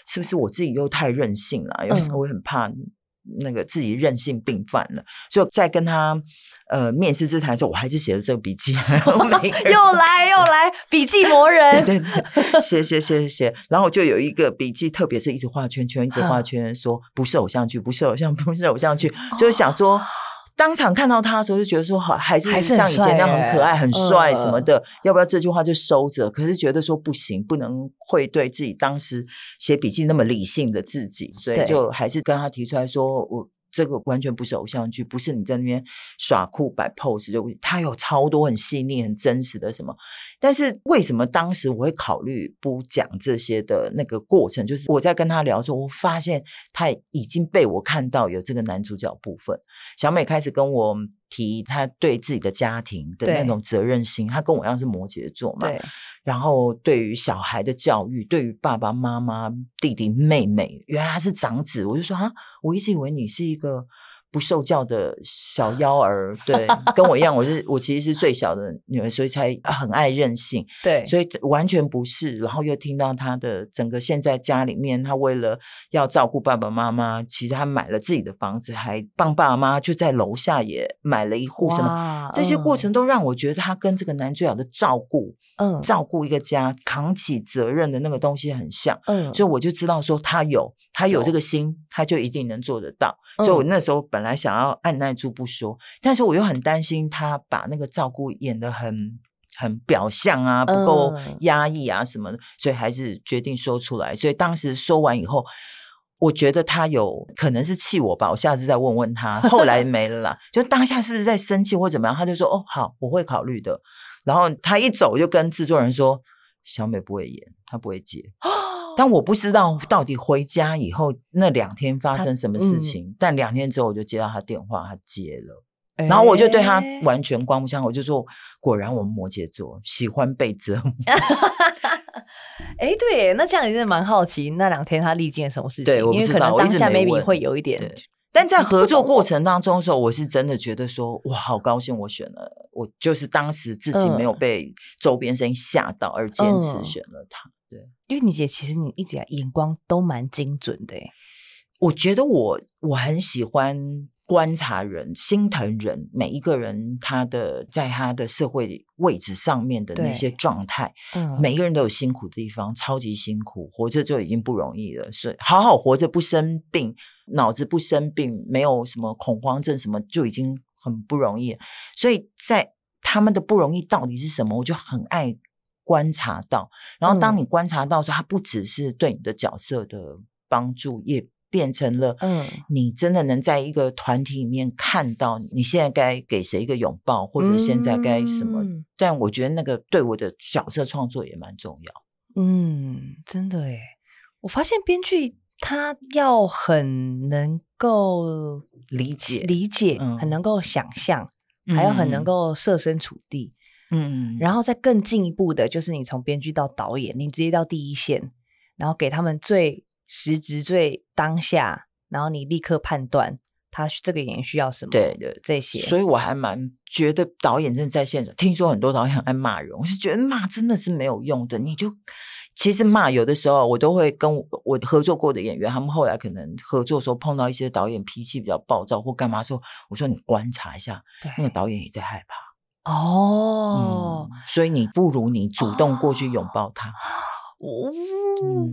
是不是我自己又太任性了啊？有時候我很怕你，嗯。那個自己任性病犯了，就在跟他呃面試之談的時候，我還是寫了這個筆記， (laughs) 又來又來 (laughs) 筆記魔人，對對對，寫寫寫寫寫，然後就有一個筆記，特別是一直畫圈圈，一直畫圈圈，嗯、說不是偶像劇，不是偶像，不是偶像劇，就是想說。哦當場看到他的時候就覺得說好還是像以前那樣很可愛很帥、欸、什麼的，嗯、要不要這句話就收着？可是覺得說不行，不能愧對自己當時寫筆記那麼理性的自己，所以就還是跟他提出來說我。這個完全不是偶像劇，不是你在那邊耍酷擺 pose 就，它有超多很細膩、很真實的什麼。但是為什麼當時我會考慮不講這些的那個過程？就是我在跟他聊的時候，我發現他已經被我看到有這個男主角部分，小美開始跟我。提他對自己的家庭的那種責任心，對他跟我一樣是摩羯座嘛。對然後對於小孩的教育，對於爸爸媽媽弟弟妹妹，原來他是長子，我就說啊，我一直以為你是一個。不受教的小幺兒， (laughs) 對，跟我一樣，我是我其實是最小的女兒，所以才很愛任性，對，所以完全不是。然後又聽到他的整個現在家裡面，他為了要照顧爸爸媽媽，其實他買了自己的房子，還幫爸媽就在樓下也買了一戶，什麼哇這些過程都讓我覺得他跟這個男主角的照顧，嗯，照顧一個家、扛起責任的那個東西很像，嗯，所以我就知道說他有。他有這個心，哦、他就一定能做得到。嗯、所以，我那時候本來想要按捺住不說，但是我又很擔心他把那個照顧演得很很表象啊，不夠壓抑啊什麼的，嗯、所以還是決定說出來。所以當時說完以後，我覺得他有可能是氣我吧，我下次再問問他。後來沒了啦， (laughs) 就當下是不是在生氣或怎麼樣？他就說：“哦，好，我會考慮的。”然後他一走，我就跟制作人說：“小美不會演，他不會接。哦”但我不知道到底回家以後那兩天發生什麼事情。嗯、但兩天之後我就接到他電話，他接了，欸、然後我就對他完全刮目相看，我就說：果然我們摩羯座喜歡被折磨。哎，對，那這樣也是蠻好奇，那兩天他歷經了什麼事情？對，我不知道，我一直沒問，maybe 會有一點對，但在合作過程當中的時候，我是真的覺得說：哇，好高興，我選了，我就是當時自己沒有被周邊聲音嚇到，而堅持選了他。嗯因為你姐，其實你一直、啊、眼光都蠻精準的。我覺得我我很喜歡觀察人，心疼人。每一個人他的在他的社會位置上面的那些狀態，嗯，每一個人都有辛苦的地方，超級辛苦，活着就已經不容易了。所以，好好活着，不生病，腦子不生病，沒有什麼恐慌症，什麼就已經很不容易了。所以在他們的不容易到底是什麼，我就很愛，觀察到，然後當你觀察到時候，它、嗯、不只是對你的角色的幫助，也變成了，嗯，你真的能在一個團體裡面看到，你現在該給誰一個擁抱，或者現在該什麼？嗯、但我覺得那個對我的角色創作也蠻重要。嗯，真的耶，我發現編劇他要很能夠理解，理解，嗯、很能夠想象，嗯、還要很能夠設身處地。嗯，然後再更進一步的就是你從編劇到導演，你直接到第一線，然後給他們最實質最當下，然後你立刻判斷他這個演員需要什麼，對對，這些。所以我還蠻覺得導演真的在現場。聽說很多導演很愛罵人，我是覺得罵真的是沒有用的。你就其實罵有的時候，我都會跟我合作過的演員，他們後來可能合作的時候碰到一些導演脾氣比較暴躁或幹嘛說，我說你觀察一下，對那個導演也在害怕。哦、嗯，所以你不如你主動過去擁抱他，哦、嗯，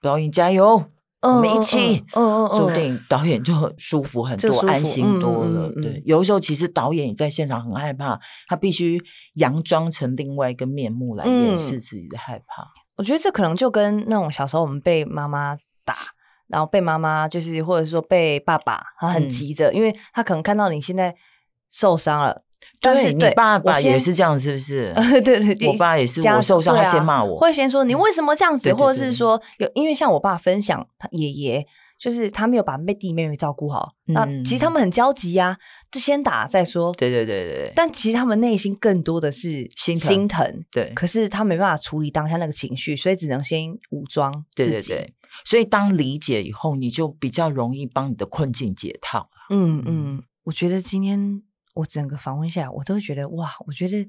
導演加油，哦、我們一起，說不定導演就很舒服很多，安心多了。嗯嗯嗯嗯對，有的時候其實導演也在現場很害怕，他必須佯裝成另外一個面目來掩飾自己的害怕、嗯。我覺得這可能就跟那種小時候我們被媽媽打，然後被媽媽就是，或者是說被爸爸，他很急着，嗯、因為他可能看到你現在受傷了。對，你爸爸也是這樣，是不是？呃、對，對對，我爸也是，我受傷、啊、他先罵我，會先說，你為什麼這樣子，嗯、對對對，或者是說，有因為像我爸分享，他爺爺就是他沒有把妹弟妹妹照顧好，那、嗯啊、其實他們很焦急呀、啊，就先打再說。對對對對，但其實他們內心更多的是心疼，心疼。對。可是他沒辦法處理當下那個情緒，所以只能先武裝自己。對對對，所以當理解以後，你就比較容易幫你的困境解套，嗯、啊、嗯，嗯我覺得今天我整個訪問下，我都覺得哇，我覺得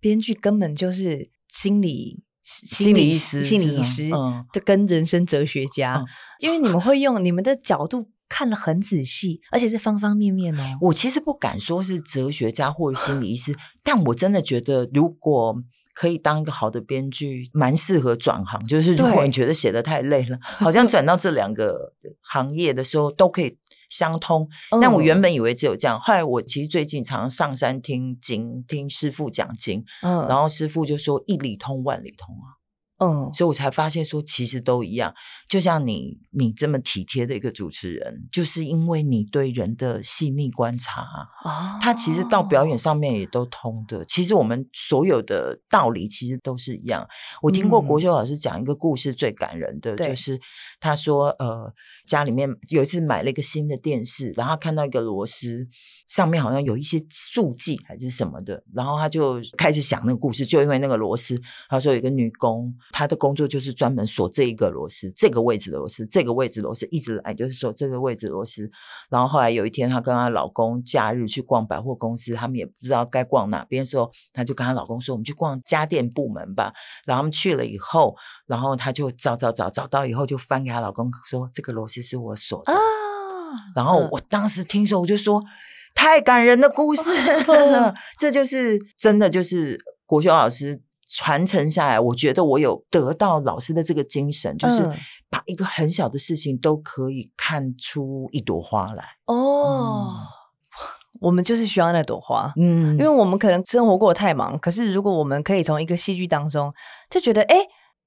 編劇根本就是心理心理醫師，心理、心理醫師跟人生哲學家，嗯、因為你們會用你們的角度看得很仔細，嗯、而且是方方面面的。哦、我其實不敢說是哲學家或者心理醫師， (laughs) 但我真的覺得，如果可以當一個好的編劇，蠻適合轉行。就是如果你覺得寫得太累了，對 (laughs) 好像轉到這兩個行業的時候都可以。相通，但我原本以為只有這樣。嗯、後來我其實最近常常上山聽經，聽師父講經，嗯、然後師父就說一理通萬理通啊。嗯，所以我才發現說，其實都一樣。就像你，你這麼體貼的一個主持人，就是因為你對人的細膩觀察啊，他、哦、其實到表演上面也都通的。其實我們所有的道理其實都是一樣。我聽過國修老師講一個故事最感人的，嗯、就是他說，呃，家裡面有一次買了一個新的電視，然後看到一個螺絲。.上面好像有一些數據還是什麼的，然後他就開始想那個故事，就因為那個螺絲，他說有一個女工，她的工作就是專門鎖這一個螺絲，這個位置的螺絲，這個位置的螺絲一直，哎，就是鎖這個位置的螺絲。然後後來有一天，她跟她老公假日去逛百貨公司，他們也不知道該逛哪邊，說她就跟她老公說：“我們去逛家電部門吧。”然後他們去了以後，然後她就找找找找到以後，就翻給她老公說：“這個螺絲是我鎖的。” oh, uh. 然後我當時聽說，我就說。太感人的故事了， (laughs) 這就是真的，就是國修老師傳承下來。我覺得我有得到老師的這個精神，就是把一個很小的事情都可以看出一朵花來。哦，我們就是需要那朵花，嗯，因為我們可能生活過得太忙。可是，如果我們可以從一個戲劇當中就覺得，哎，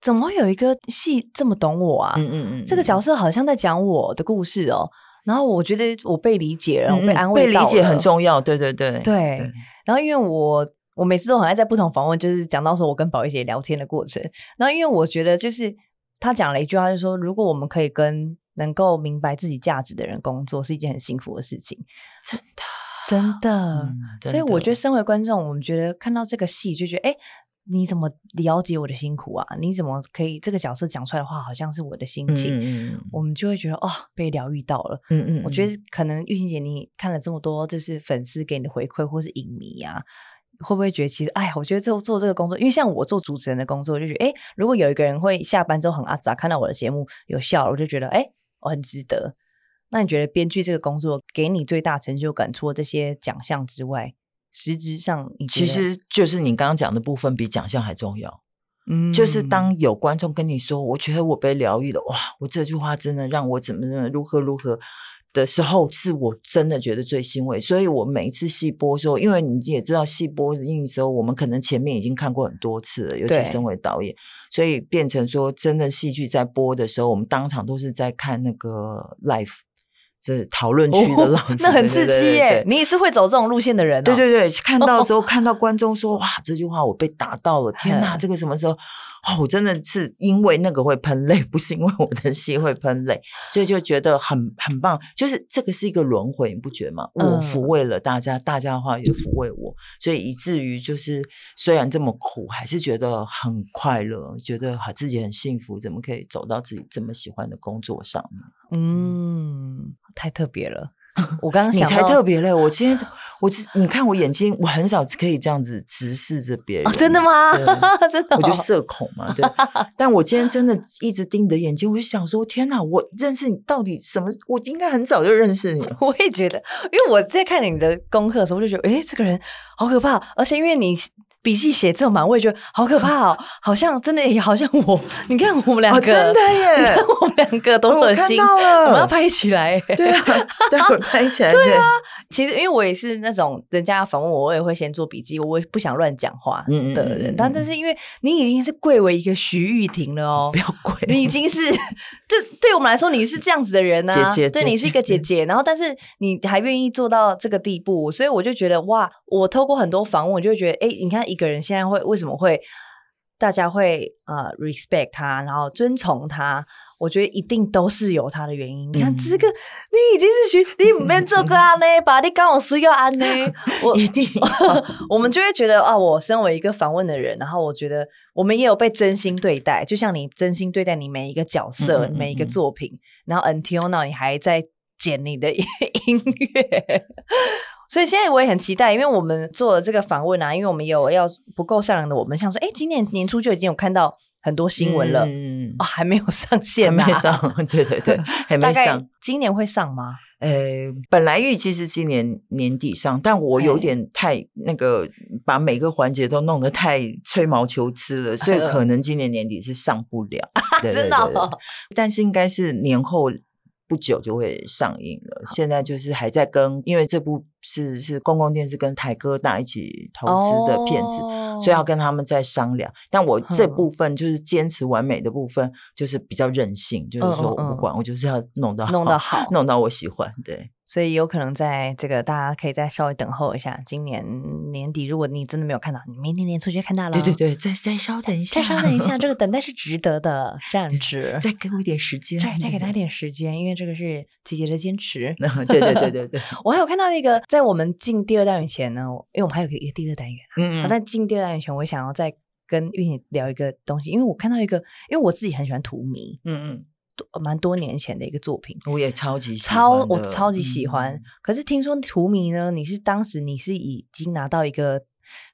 怎麼有一個戲這麼懂我啊？嗯嗯，嗯，這個角色好像在講我的故事哦。然後我覺得我被理解了，我、嗯、被安慰了。被理解很重要，對對對。對，對，然後因為我我每次都很愛在不同訪問，就是講到說我跟寶儀姐聊天的過程。然後因為我覺得，就是他講了一句話，就是說，如果我們可以跟能夠明白自己價值的人工作，是一件很幸福的事情。真的，真的、嗯，真的。所以我覺得，身為觀眾，我們覺得看到這個戲，就覺得哎。你怎麼了解我的辛苦啊？你怎麼可以這個角色講出來的話，好像是我的心情？嗯嗯嗯，我們就會覺得哦，被療癒到了。嗯，嗯嗯，我覺得可能譽庭姐你看了這麼多，就是粉絲給你的回饋，或是影迷啊，會不會覺得其實哎，我覺得做做這個工作，因為像我做主持人的工作，我就覺得哎、欸，如果有一個人會下班之後很阿雜，看到我的節目有笑，我就覺得哎、欸，我很值得。那你覺得編劇這個工作給你最大成就感，除了這些獎項之外？實際上，其實就是你剛剛講的部分比獎項還重要。嗯，就是當有觀眾跟你說“我覺得我被療癒了”，哇！我這句話真的讓我怎麼如何如何的時候，是我真的覺得最欣慰。所以我每一次戲播的時候，因為你也知道戲播映的時候，我們可能前面已經看過很多次了，尤其身為導演，對所以變成說真的戲劇在播的時候，我們當場都是在看那個 life。這討論區的浪、哦，那很刺激耶！對對對你也是會走這種路線的人、哦。對對對，看到的時候、哦、看到觀眾說：“哇，這句話我被打到了！”天吶、哎、這個什麼時候？哦，真的是因為那個會噴淚，不是因為我的戲會噴淚，所以就覺得很很棒。就是這個是一個輪回，你不覺得嗎？我撫慰了大家，嗯、大家的話也撫慰我，所以以至於就是雖然這麼苦，還是覺得很快樂，覺得好自己很幸福。怎麼可以走到自己這麼喜歡的工作上呢？嗯，太特別了。我剛剛 (laughs) 你才特別嘞！我今天我其實你看我眼睛，我很少可以這樣子直視着別人、哦。真的嗎？對 (laughs) 真的、哦，我就社恐嘛對。但我今天真的一直盯着你的眼睛，我就想說：天哪！我認識你到底什麼？我應該很早就認識你。 (laughs) 我也覺得，因為我在看你的功課的時候，我就覺得，誒、欸、這個人好可怕。而且因為你。筆記寫字嘛，我也覺得好可怕哦、喔，啊、好像真的、欸，好像我，你看我們兩個、啊，真的耶，你看我們兩個都噁心，啊、我，到了我們要拍起來耶對、啊，對，待會拍起來。 (laughs) 對啊，其實因為我也是那種人家訪問我，我也會先做筆記，我也不想亂講話的人。嗯嗯嗯嗯，但但是因為你已經是貴為一個徐譽庭了哦、喔，不要貴，你已經是，這對我們來說你是這樣子的人呢、啊，姐姐，姐，姐姐，對你是一個姐姐，然後但是你還願意做到這個地步，所以我就覺得哇，我透過很多訪問，我就覺得，哎、欸，你看。一個人現在會為什麼會大家會呃 respect 他，然後遵從他？我覺得一定都是有他的原因。你看這個，你已經是去，你沒做個啊呢，把李剛老是又安呢，我 (laughs) 一定要 (laughs) 我們就會覺得啊，我身為一個訪問的人，然後我覺得我們也有被真心對待，就像你真心對待你每一個角色、嗯、哼每一個作品。然後 until now 你還在剪你的音樂。 (laughs) 所以現在我也很期待，因為我們做了這個訪問啊，因為我們有要不夠善良的，我們想說，哎，今年年初就已經有看到很多新聞了，哦、嗯啊，還沒有上線、啊、沒上，對對對， (laughs) 還沒上， (laughs) 今年會上嗎？呃，本來預期是今年年底上，但我有點太、哎、那個，把每個環節都弄得太吹毛求疵了，嗯、所以可能今年年底是上不了，知道，但是應該是年後。不久就會上映了。現在就是還在跟，因為這部是是公共電視跟台哥大一起投資的片子，oh. 所以要跟他們再商量。但我這部分就是堅持完美的部分，就是比較任性，嗯、就是說我不管，嗯、我就是要弄得好，弄得好，弄到我喜歡。對。所以有可能在這個，大家可以再稍微等候一下。今年年底，如果你真的沒有看到，你明年年初就看到了。對對對，再再稍等一下，再稍等一下，一下 (laughs) 這個等待是值得的，算值。再給我一點時間，啊，再再給他一點時間，們因為這個是姐姐的堅持。No，對對對對對。 (laughs) 我還有看到一個，在我們進第二單元前呢，因為我們還有一個第二單元，啊。嗯，嗯。在，啊、進第二單元前，我想要再跟譽庭聊一個東西，因為我看到一個，因為我自己很喜歡荼蘼。嗯嗯。蠻多年前的一個作品，我也超級喜歡超，我超級喜歡。嗯、可是聽說荼蘼呢，你是當時你是已經拿到一個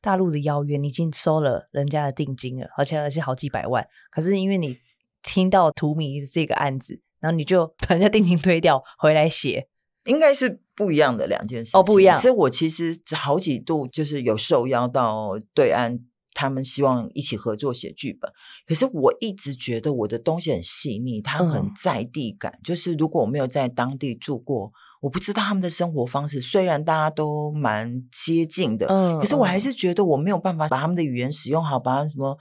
大陸的邀約，你已經收了人家的定金了，而且而且好幾百萬。可是因為你聽到荼蘼這個案子，然後你就把人家定金推掉，回來寫，應該是不一樣的兩件事情哦，不一樣。所以我其實好幾度就是有受邀到對岸。他們希望一起合作寫劇本，可是我一直覺得我的東西很細膩，它很在地感，嗯、就是如果我沒有在當地住過。我不知道他們的生活方式，雖然大家都蠻接近的，嗯、可是我還是覺得我沒有辦法把他們的語言使用好，嗯、把他們什麼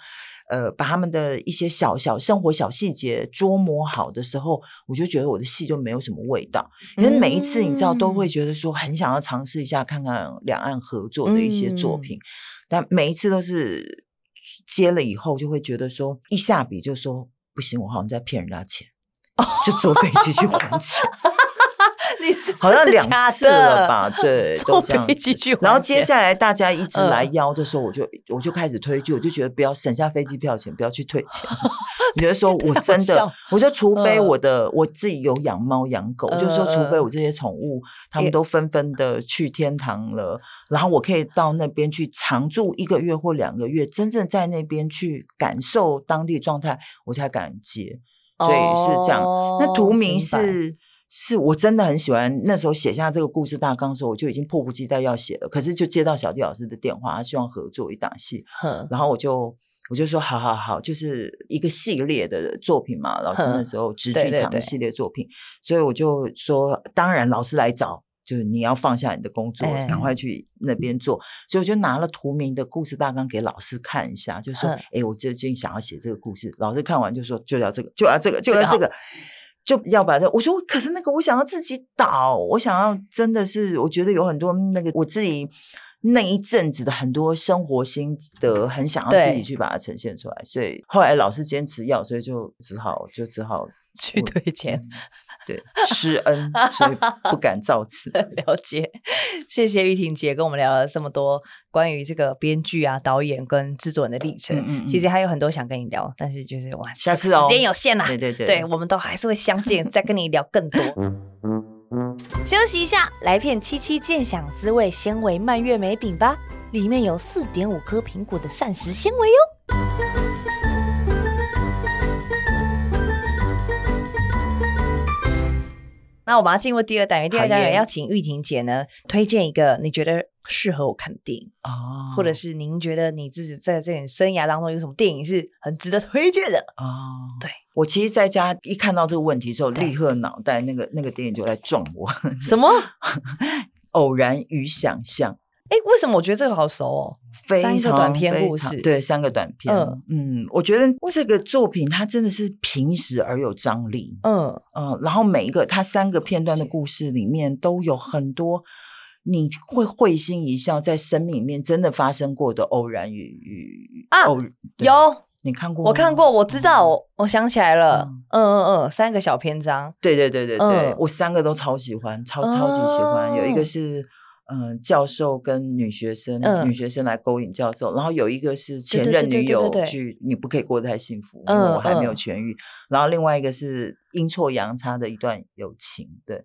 呃，把他們的一些小小生活小細節琢磨好的時候，我就覺得我的戲就沒有什麼味道。因為每一次你知道都會覺得說很想要嘗試一下看看兩岸合作的一些作品，嗯、但每一次都是接了以後就會覺得說一下筆就說不行，我好像在騙人家錢，哦、就坐飛機去還錢。 (laughs) 好像兩次了吧？對，然後接下來大家一直來邀的時候，我就我就開始推拒，我就覺得不要省下飛機票錢，不要去退錢。你就說，我真的，我說除非我的我自己有養貓養狗，就說除非我這些寵物他們都紛紛的去天堂了，然後我可以到那邊去常住一個月或兩個月，真正在那邊去感受當地狀態，我才敢接。所以是這樣。那圖名是。是我真的很喜歡那時候寫下這個故事大綱的時候，我就已經迫不及待要寫了。可是就接到小棣老師的電話，他希望合作一檔戲，呵然後我就我就說好好好，就是一個系列的作品嘛。老師那時候植劇場的系列作品，對對對所以我就說當然老師來找，就是你要放下你的工作，嗯、趕快去那邊做。所以我就拿了荼蘼的故事大綱給老師看一下，就說哎呵、欸，我最近想要寫這個故事。老師看完就說就要這個，就要這個，就要這個。對就要把這我說，可是那個我想要自己倒，我想要真的是，我覺得有很多那個我自己。那一陣子的很多生活心得，很想要自己去把它呈現出來，對所以後來老師堅持要，所以就只好就只好去推薦、嗯。對，施恩， (laughs) 所以不敢造次。 (laughs) 了解， (laughs) 謝謝譽庭姐跟我們聊了這麼多關於這個編劇啊、導演跟製作人的歷程。嗯，嗯，嗯其實還有很多想跟你聊，但是就是哇，下次哦，時間有限了，啊。對對對，對，我們都還是會相見， (laughs) 再跟你聊更多。嗯。 (laughs) 休息一下，來片七七健享滋味纖維蔓越莓餅吧，裡面有四點五顆蘋果的膳食纖維喲。那我們要進入第二單元，第二單元厭要請玉婷姐呢推薦一個你覺得適合我看的電影哦，或者是您覺得你自己在這種生涯當中有什麼電影是很值得推薦的哦？對我，其實在家一看到這個問題之後，對立刻腦袋那個那個電影就來撞我， (laughs) 什麼偶然與想象。哎，為什麼我覺得這個好熟哦？三個短片的故事非常非常，對，三個短片。嗯,嗯，我覺得這個作品它真的是平實而有張力。嗯嗯，然後每一個它三個片段的故事裡面都有很多你會會心一笑在生命裡面真的發生過的偶然與與啊，有你看過嗎？我看過，我知道，我,我想起來了。嗯嗯嗯,嗯，三個小篇章，對對對對對，嗯、我三個都超喜歡，超超級喜歡，嗯、有一個是。嗯，教授跟女學生，嗯、女學生來勾引教授，然後有一個是前任女友劇，對對對對對，你不可以過得太幸福，嗯、因為我還沒有痊癒。嗯、然後另外一個是陰錯陽差的一段友情，對。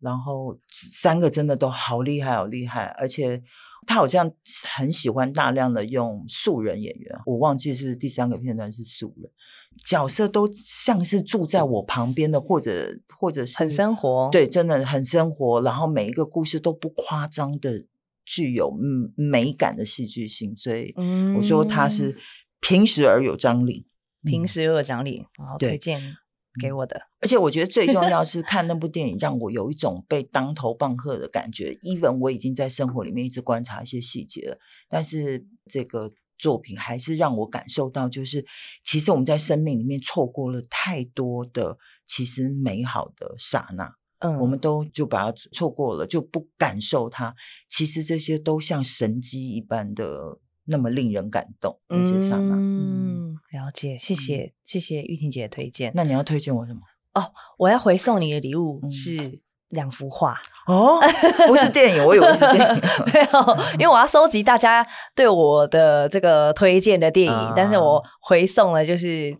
然後三個真的都好厲害，好厲害，而且他好像很喜歡大量的用素人演員，我忘記是不是第三個片段是素人。角色都像是住在我旁邊的，或者或者是很生活，對，真的很生活。然後每一個故事都不誇張的具有美感的戲劇性，所以我說它是平實而有張力，嗯嗯、平實而有張力。然後推薦給我的，嗯、 (laughs) 而且我覺得最重要是看那部電影讓我有一種被當頭棒喝的感覺。 (laughs) even 我已經在生活裡面一直觀察一些細節了，但是這個。作品還是讓我感受到，就是其實我們在生命裡面錯過了太多的，其實美好的剎那。嗯，我們都就把它錯過了，就不感受它。其實這些都像神蹟一般的，那麼令人感動那些剎那。嗯，嗯，了解，謝謝、嗯、謝謝譽庭姐的推薦。那你要推薦我什麼？哦，我要回送你的禮物、嗯、是。兩幅畫哦，不是電影， (laughs) 我以為是電影。 (laughs) 沒有，因為我要收集大家對我的這個推薦的電影，嗯、但是我回送了，就是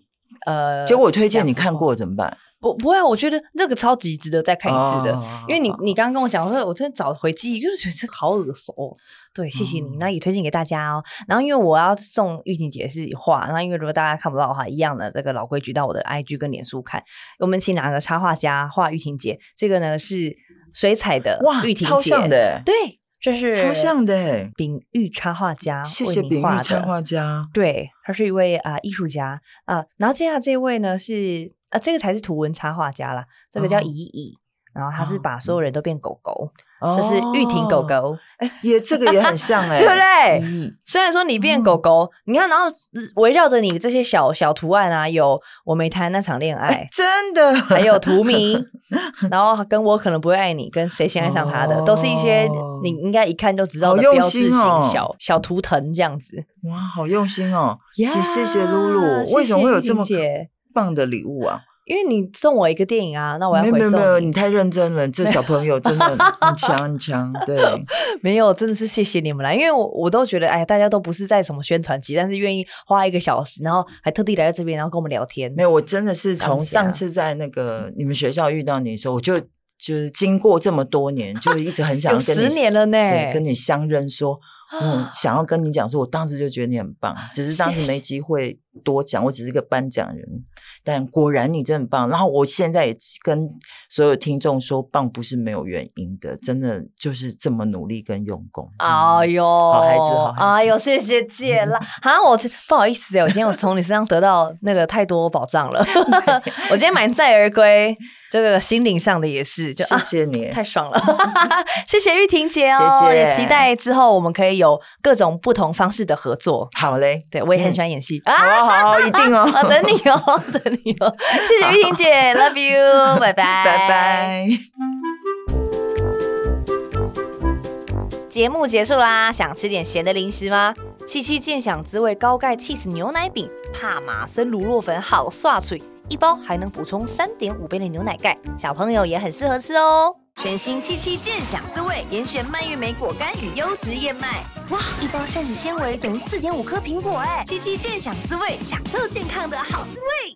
呃，結果我推薦你看過怎麼辦？不不會啊！我覺得那個超級值得再看一次的，啊、因為你你剛剛跟我講說，我真的找回記憶，就是覺得是好耳熟。對，謝謝你，那、嗯、也推薦給大家哦。然後因為我要送譽庭姐是畫，然後因為如果大家看不到的話，一樣的這個老規矩，到我的 IG 跟臉書看。我們請哪個插畫家畫譽庭姐？這個呢是水彩的哇，譽庭姐超像的，對，這、就是超像的餅玉插，插畫家，謝謝餅玉插畫家。對，他是一位啊、呃、藝術家啊、呃。然後接下來這位呢是。這個才是圖文插畫家啦，這個叫怡怡，然後他是把所有人都變狗狗，這是譽庭狗狗，也這個也很像哎，對不對？雖然說你變狗狗，你看，然後圍繞着你這些小小圖案啊，有我沒談那場戀愛，真的，還有圖迷，然後跟我可能不會愛你，跟誰先愛上他的，都是一些你應該一看就知道的標誌性小小圖騰這樣子，哇，好用心哦，謝謝露露，為什麼會有這麼？棒的禮物啊！因為你送我一個電影啊，那我要回送。沒有，沒有沒有，你太認真了， (laughs) 這小朋友真的很強很強。 (laughs) 對，沒有，真的是謝謝你們啦，因為我我都覺得哎，大家都不是在什麼宣傳期，但是願意花一個小時，然後還特地來到這邊，然後跟我們聊天。沒有，我真的是從上次在那個你們學校遇到你的時候，我就就是經過這麼多年，就一直很想要跟你 (laughs) 十年了對跟你相認說，說嗯，想要跟你講說，我當時就覺得你很棒， (laughs) 只是當時沒機會多講，我只是個頒獎人。但果然你真的很棒，然後我現在也跟所有聽眾說，棒不是沒有原因的，真的就是這麼努力跟用功。嗯、哎呦好，好孩子，哎呦，謝謝姐啦！好、嗯啊，我不好意思，我今天我從你身上得到那個太多寶藏了， (laughs) 我今天滿載而歸， (laughs) 這個心靈上的也是，就謝謝你、啊，太爽了， (laughs) 謝謝譽庭姐哦，謝謝，也期待之後我們可以有各種不同方式的合作。好嘞，對我也很喜歡演戲啊，一定哦，啊、好等你哦，等。 (laughs) (laughs) 謝謝譽庭姐好，Love you，拜拜拜拜。節 bye 目結束啦，想吃點鹹的零食嗎？七七健享滋味高鈣 cheese 牛奶餅，帕瑪森乳酪粉好刷嘴，一包還能補充三點五倍的牛奶鈣，小朋友也很適合吃哦。全新七七健享滋味，嚴選蔓越莓果乾與優質燕麥，哇，一包膳食纖維等於四點五顆蘋果哎、欸。七七健享滋味，享受健康的好滋味。